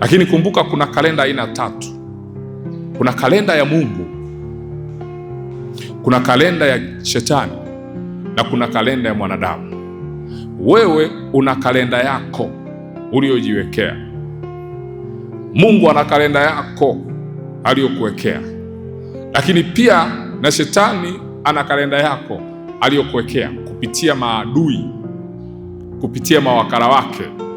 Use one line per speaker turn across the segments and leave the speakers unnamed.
Lakini kumbuka kuna kalenda aina tatu. Kuna kalenda ya Mungu, kuna kalenda ya shetani na kuna kalenda ya mwanadamu. Wewe una kalenda yako uliyojiwekea. Mungu ana kalenda yako aliyokuwekea, lakini pia na shetani ana kalenda yako aliyokuwekea kupitia maadui, kupitia mawakala wake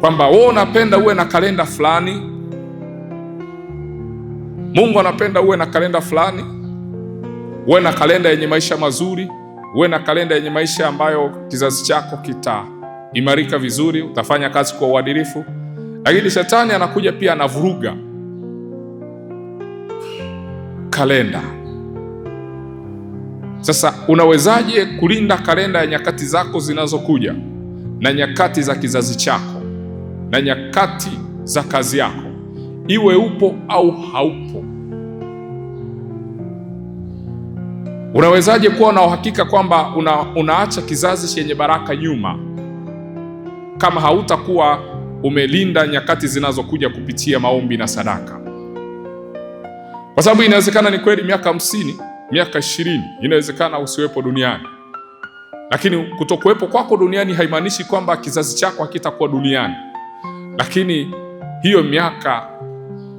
kwamba wewe unapenda uwe na kalenda fulani, Mungu anapenda uwe na kalenda fulani, uwe na kalenda yenye maisha mazuri, uwe na kalenda yenye maisha ambayo kizazi chako kitaimarika vizuri, utafanya kazi kwa uadilifu. Lakini shetani anakuja pia anavuruga kalenda. Sasa unawezaje kulinda kalenda ya nyakati zako zinazokuja na nyakati za kizazi chako? na nyakati za kazi yako, iwe upo au haupo. Unawezaje kuwa na uhakika kwamba una, unaacha kizazi chenye baraka nyuma kama hautakuwa umelinda nyakati zinazokuja kupitia maombi na sadaka? Kwa sababu inawezekana ni kweli miaka hamsini, miaka ishirini inawezekana usiwepo duniani, lakini kutokuwepo kwako duniani haimaanishi kwamba kizazi chako hakitakuwa duniani lakini hiyo miaka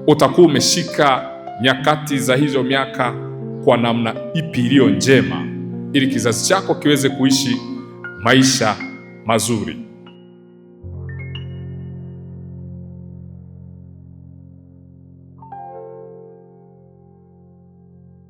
utakuwa umeshika nyakati za hizo miaka kwa namna ipi iliyo njema, ili kizazi chako kiweze kuishi maisha mazuri.